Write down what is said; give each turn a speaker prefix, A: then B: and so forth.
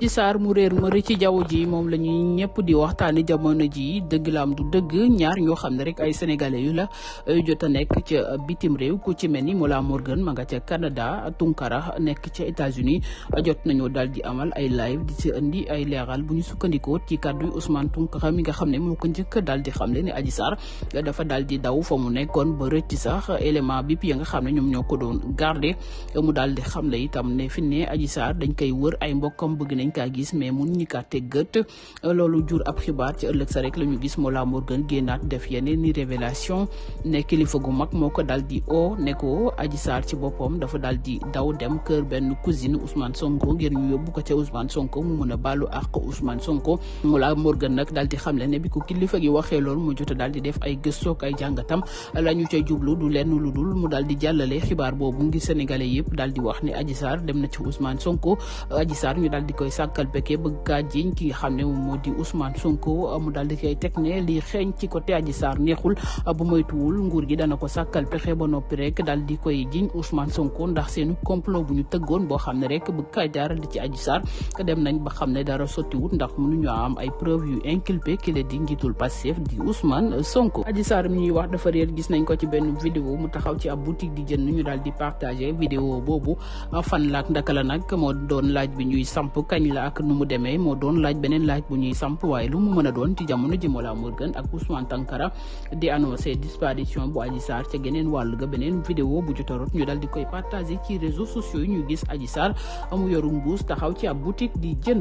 A: ji saar mu réer ma rëcc ci jaww ji moom la ñuy ñëpp di waxtaane jamono ji dëgg la am du dëgg ñaar ñoo xam ne rek ay sénégalais yu la euh, jot a nekk ca bitim réew ku ci mel ni Mollah Morgun ma nga ca Canada Tunkara nekk ca États-Unis jot nañoo daal di amal ay live di ci indi ay leeral bu ñu sukkandikoo ci kàddu Ousmane Tunkara mi nga xam ne moo ko njëkk daal di xamle ne Adji Sarr dafa daal di daw fa mu nekkoon ba rëcc sax élément bi ya nga xam ne ñoom ñoo ko doon garder mu daal di xamle itam ne fi ne Adji dañ koy wër ay mbokkam bëgg nañ dañ kaa gis mais mun ñi kaa teg gët loolu jur ab xibaar ci ëllëg sa rek la ñu gis Mollah Morgun génnaat def yeneen ni révélation ne kilifa gu mag moo ko dal di o ne ko Adji Sarr ci boppam dafa dal di daw dem kër benn cousine Ousmane Sonko ngir ñu yóbbu ko ca Ousmane Sonko mu mun a baalu àq Ousmane Sonko Mollah Morgun nag daal di xamle ne bi ko kilifa gi waxee loolu mu jot a daal di def ay gëstook ay jàngatam la ñu ca jublu du lenn lu dul mu daal di jàllale xibaar boobu ngir sénégalais yëpp daal wax ne Adji sàkkal peke bëgg kaa jiñ ki xam ne moom moo di mu daal di koy teg ne li xeeñ ci côté Adji neexul bu moytuwul nguur gi dana ko sàkkal pexe ba noppi rek daal di koy jiñ Ousmane Sonko ndax seenu complot bu ñu tëggoon boo xam ne rek bëgg kaa jaaral ci Adji Sarr dem nañ ba xam ne dara sottiwut ndax mu nu ñu am ay preuve yu inculpé ki di njiitul Pastef di Ousmane Sonko. Adji Sarr mi ñuy wax dafa réer gis nañ ko ci benn vidéo mu taxaw ci ab boutique di jënd ñu daal di partagé vidéo boobu fan laak ndaka la nag moo doon laaj bi ñuy samp kañ kañ la ak nu mu demee moo doon laaj beneen laaj bu ñuy samp lu mu mën a doon ci jamono ji Mollah Morgun ak Ousmane Tounkara di disparition bu Adji Sarr ca geneen wàll beneen vidéo bu ci ñu dal di koy partagé ci réseaux sociaux yi ñu gis Adji Sarr amu yoru mbuus taxaw ci ab boutique di jënd